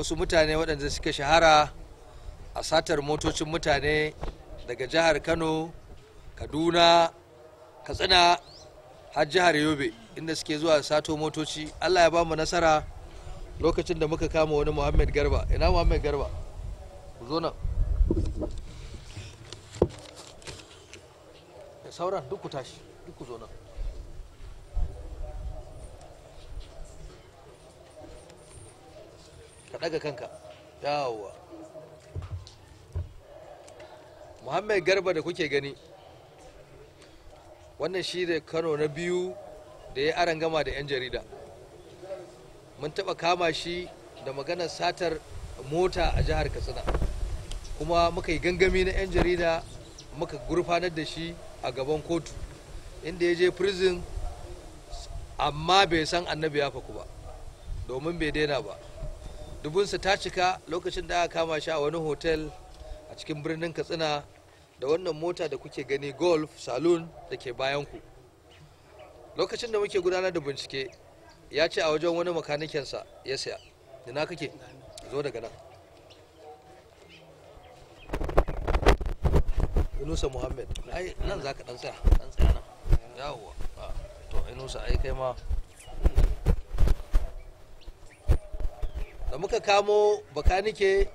wasu mutane waɗanda suka shahara a satar motocin mutane daga jihar kano kaduna katsina har jihar yobe inda suke zuwa sato motoci allah ya ba mu nasara lokacin da muka kama wani muhammad garba ina muhammad garba ku zo nan da sauran duk ku tashi duk ku zo nan ɗaga kanka yawwa muhammad garba da kuke gani wannan shi ne kano na biyu da ya aran gama da 'yan jarida mun taɓa kama shi da maganar satar mota a jihar katsina kuma muka yi gangami na 'yan jarida muka gurfanar da shi a gaban kotu inda ya je prison amma bai san annabi ya faku ba domin bai daina ba dubunsa ta cika lokacin da aka kama shi a wani hotel a cikin birnin katsina da wannan mota da kuke gani golf saloon da ke bayanku lokacin da muke gudanar da bincike ya ce a wajen wani makanikensa ya saya da na kake zo daga nan inusa muhammad ai nan za ka dan tsaya dan tsaya nan yawwa ah, to inusa ai kai ma da muka kamo bakanike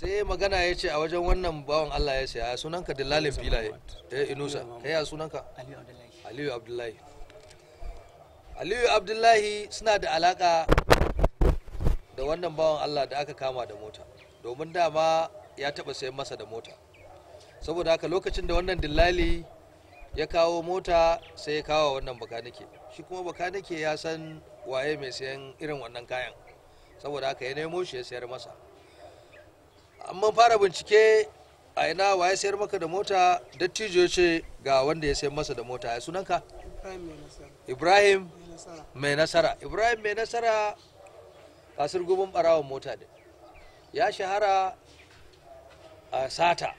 sai magana ya ce a wajen wannan bawan Allah ya a sunanka dillalin filaye eh, inusa kai eh, ya sunanka aliyu abdullahi aliyu abdullahi suna da alaka da wannan bawan Allah da aka kama da mota domin dama ya taba sayan masa da mota saboda haka lokacin da wannan dillali ya kawo mota sai ya kawo wannan bakanike shi kuma bakanike ya san waye mai sayan irin wannan kayan saboda haka ya nemo shi ya sayar masa amma fara bincike a ina wa ya sayar maka da mota dattijo ce ga wanda ya sayar masa da mota ya sunanka ibrahim mai nasara ibrahim mai nasara kasar gubin barawan mota ne ya shahara a sata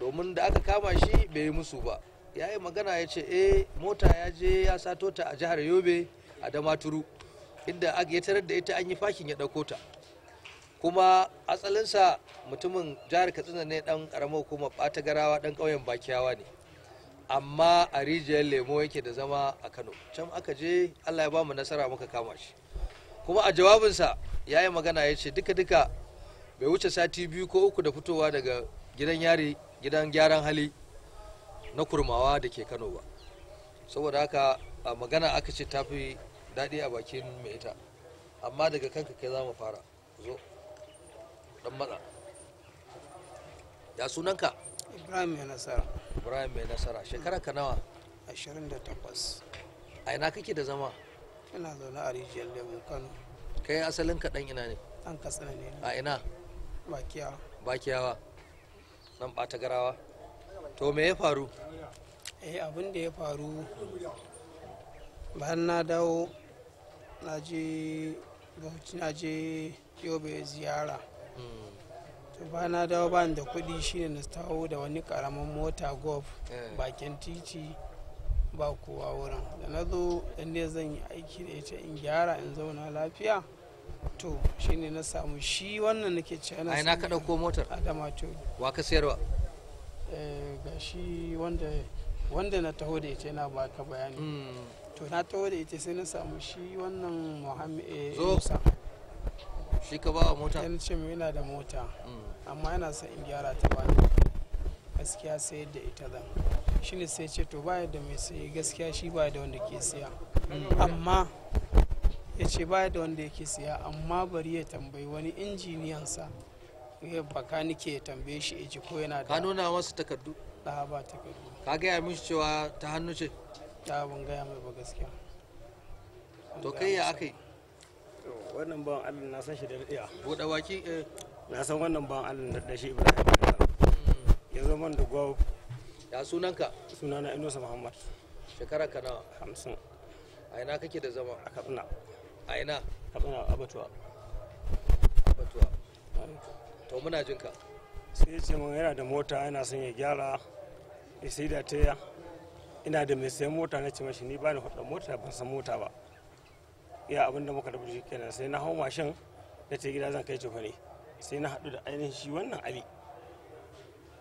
domin da aka kama shi bai yi musu ba ya yi magana ya ce eh mota ya je ya sato ta a jihar yobe a damaturu inda ya tarar da ita an yi fakin ya ɗauko ta kuma asalinsa mutumin jihar katsina ne dan karamar kuma ɓata garawa dan ƙauyen bakiyawa ne amma a rijiyar lemo yake da zama a kano can aka je allah ya bamu nasara muka kama shi kuma a jawabinsa ya yi magana ya ce duka duka bai wuce sati biyu ko uku da fitowa daga gidan yari gidan gyaran hali na kurmawa da ke kano ba saboda haka magana aka ce tafi daɗi a bakin mai ita amma daga kanka kai za mu fara zo Ɗan matsa ya sunanka ibrahim mai nasara ibrahim mai nasara shekara ka nawa 28 a ina kake da zama ina zaune a rijiyar lemun kano kai asalin ka ɗan ina ne ɗan katsina ne a ina bakiyawa bakiyawa nan ɓata garawa to me ya faru eh abin da ya faru bayan na dawo na je bauchi yobe ziyara to ba na dawo ba da kuɗi shine na taho da wani karamin mota golf eh. bakin titi ba kowa wurin da na zo inda zan yi aiki da ita in gyara in zauna lafiya to shine na samu shi wannan nake ce ana na ka ko motar adama to wa ka sayarwa eh, ga shi wanda wanda na taho da ita yana baka bayani hmm. to na taho da ita sai na samu shi wannan muhammed eh, musa shi ka ba mota yana ce yana da mota mm. amma yana son in gyara ta bani gaskiya sai da ita zan shi ne sai ce to baya da mai sai gaskiya shi baya da wanda ke siya mm. amma ya ce baya da wanda yake siya amma bari ya tambayi wani injiniyansa ya baka nike ya tambaye shi ya ji ko yana da ka nuna wasu takardu ba takardu ka gaya mishi cewa ta hannu ce ta ban gaya mai ba gaskiya to kai ya akai wannan ban allah na san shi da iya buɗe waki eh. na san wannan ban allah da shi ibrahim hmm. ya zama da gwau. ya sunanka sunana inusa muhammad shekara ka nawa hamsin a ina kake da zama a kafina. a ina katsina abatuwa abatuwa eh. to muna jinka sai ce mun yana da mota yana son ya gyara ya sai da taya ina da mai sayan mota na ce mashi ni ba ni hudar mota ban san mota ba ya abin da muka rubuta kenan sai na hau mashin da ce gida zan kai ne sai na haɗu da ainihin shi wannan ali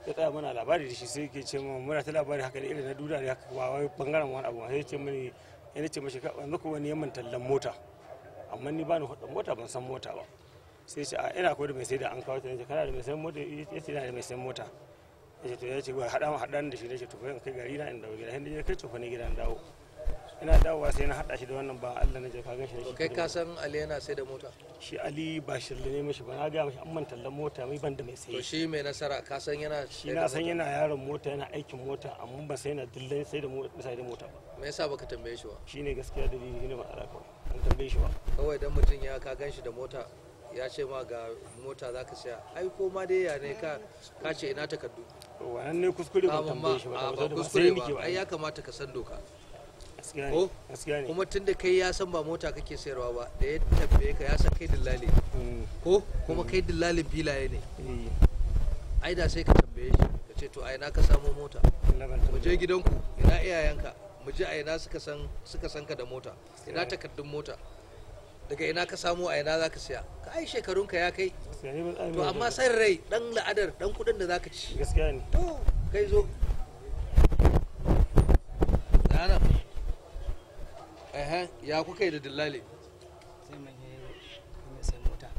ya tsaya mana labari da shi sai ke ce mun muna ta labari haka da irin na duda da haka ba bangaren wani abu sai ce mini ya ce mashi yanzu ko wani yamman tallan mota amma ni ba ni hudar mota ban san mota ba sai ce a ina ko da mai sai da an kawo ta ne kana da mai sayan mota ya ce da mai sayan mota ya ce ya ce ba haɗa mu haɗan da shi da shi tufa in kai gari na in gida hindi ya kai tufa ne gida dawo ina dawowa sai na haɗa shi da wannan ba Allah na je ka gan shi kai ka san Ali yana sai da mota shi Ali ba shirle ne mishi ba na ga mishi amman tallan mota mai banda mai sai to shi mai nasara ka san yana shi na san yana yaron mota yana aikin mota amma ba sai na dillan sai da mota sai da mota ba me yasa baka tambaye shi ba shine gaskiya ni ne ba alaka an tambaye shi ba kawai dan mutum ya ka gan shi da mota ya ce ma ga mota za ka siya ai ko ma dai ya ne ka ka ce ina takardu wannan ne kuskure ba tambaye shi ba ba kuskure ba ai ya kamata ka san doka ko kuma tunda kai ya san ba mota kake sayarwa ba da ya tambaye ka ya san kai dillali mm. ko kuma kai dillalin filaye ne eh. ai da sai ka tambaye shi ka ce to ai na ka samu mota mu je gidanku ina iyayenka mu je a na suka san suka san ka da mota ina takardun mota daga ina ka samu a ina za ka siya ka ai shekarunka ya kai to amma san rai dan la'adar dan kudin da za ka ci gaskiya ne to kai zo ana eh ya kuka yi da dillale sai mun yi mai mota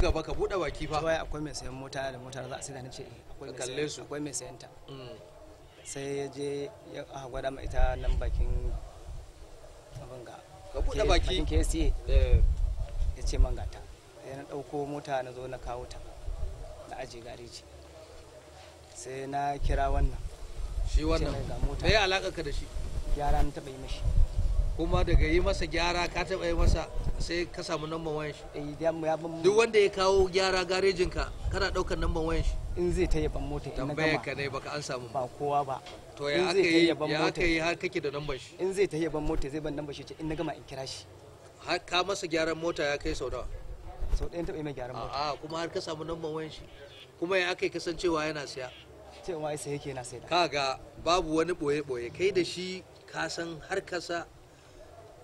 gaba ka bude baki fa wai akwai mai sayan mota da motar za a sai da nace eh, akwai mai kalle su akwai mai sayan ta mm. sai ya je ya gwada mai ita nan bakin abin ga buɗe baki eh, ya ce man gata sai na ɗauko mota na zo na kawo ta na aje ce sai na kira wannan shi wannan ya alaka ka da shi gyara na taɓa yi mashi kuma daga yi masa gyara ka taɓa yi masa sai ka samu number wayan shi eh, duk wanda ya kawo gyara garejin ka kana ɗaukar number wayan shi in zai ta yaban mota in gama ka ne baka an samu ba kowa ba to ya aka yi ya aka yi har kake da number shi in zai ta yaban mota zai ban number shi ce in na gama in kira shi har ka masa gyaran mota ya kai sau nawa sau ɗayan taɓa mai gyaran mota a kuma har ka samu number wayan shi kuma ya aka yi kasancewa yana siya cewa sai yake yana sai da kaga babu wani boye-boye kai da shi ka san har kasa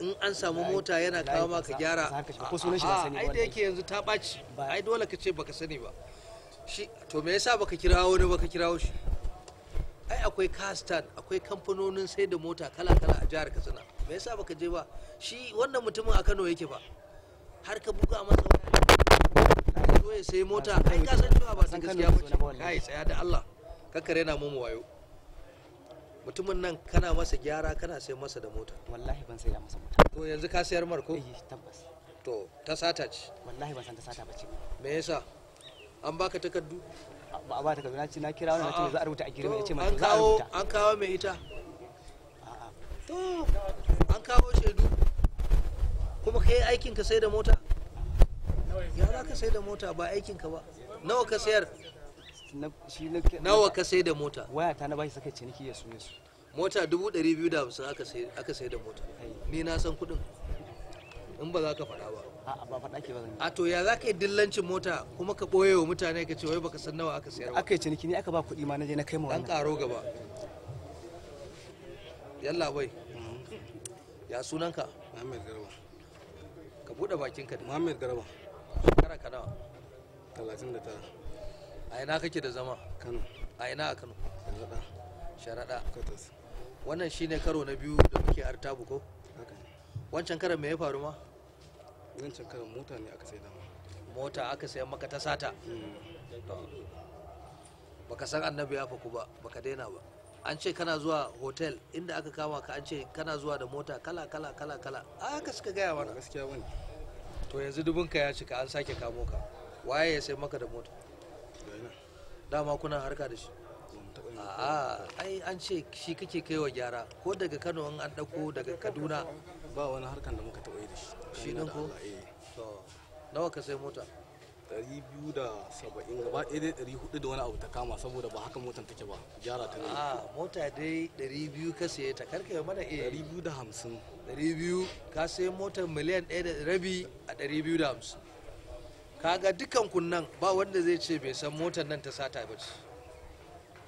in an samu mota yana kawo maka gyara ai da yake yanzu ta ɓaci ai dole ka ce baka sani ba shi to me yasa baka kira wani baka kira shi ai akwai castan akwai kamfanonin sai da mota kala kala a jihar katsina me yasa baka je ba shi wannan mutumin a kano yake ba har ka buga masa sai mota ai ka san cewa ba san gaskiya ba ce kai tsaya da Allah kakkare na mu wayo mutumin nan kana masa gyara kana sai masa da mota wallahi ban sai da masa mota to yanzu ka sayar marko eh tabbas to ta sata ce wallahi ban san ta sata bace me yasa an baka takardu ba ba takardu na ce na kira wannan na ce za a rubuta a girma yace mai za a rubuta an kawo an kawo mai ita a a to an kawo shaidu kuma kai aikin ka sai da mota ya za ka sai da mota ba aikin ka ba nawa ka sayar nawa ka sai da mota waya ta na bashi saka ciniki ya sume su mota dubu ɗari biyu da hamsin aka sai da mota ni na san kuɗin in ba za ka faɗa ba a ba faɗa ke ba zan a to ya za ka yi dillancin mota kuma ka ɓoye wa mutane ka ce wai baka san nawa aka sayar aka yi ciniki ne aka ba kuɗi ma na je na kai ma wannan ƙaro gaba yalla bai mm-hmm. ya sunanka Muhammad Garba ka buɗe bakinka Muhammad Garba shekara ka nawa 39 a ina kake da zama kano a ina a kano sharaɗa sharaɗa wannan shine karo na biyu da muke artabu ko wancan karan me ya faru ma wancan karan mota ne aka sai dama mota aka sayan maka ta sata mm. baka san annabi ya faku ba baka daina ba an ce kana zuwa hotel inda aka kama ka an ce kana zuwa da mota kala kala kala kala ka suka gaya mana gaskiya wani to yanzu dubinka ya cika an sake kamo ka waye ya sai maka da mota dama kuna harka da shi a ai an ce shi kake kai wa gyara ko daga kano an an dauko daga kaduna ba wani harkan da muka taɓa yi da shi shi ɗin ko eh. to nawa ka sai mota 270 gaba ɗaya dai 400 da wani abu ta kama saboda ba haka motar take ba gyara ta ne a mota dai 200 ka sai ta karka yi mana eh 250 200 ka sai motar miliyan 1 da rabi a 250 kaga dukan kunnan ba wanda zai ce bai san motar nan ta sata ba ce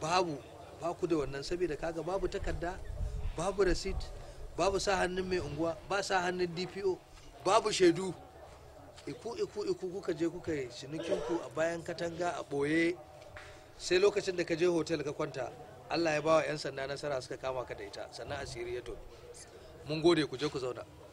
babu ba ku da wannan saboda kaga babu takarda babu rasit babu sa hannun mai unguwa ba sa hannun dpo babu shaidu iku iku iku kuka je kuka yi cinikinku a bayan katanga a boye sai lokacin da ka je hotel ka kwanta allah ya ba wa 'yan sanda nasara suka kama ka da ita sannan asiri ya to mun gode ku je ku zauna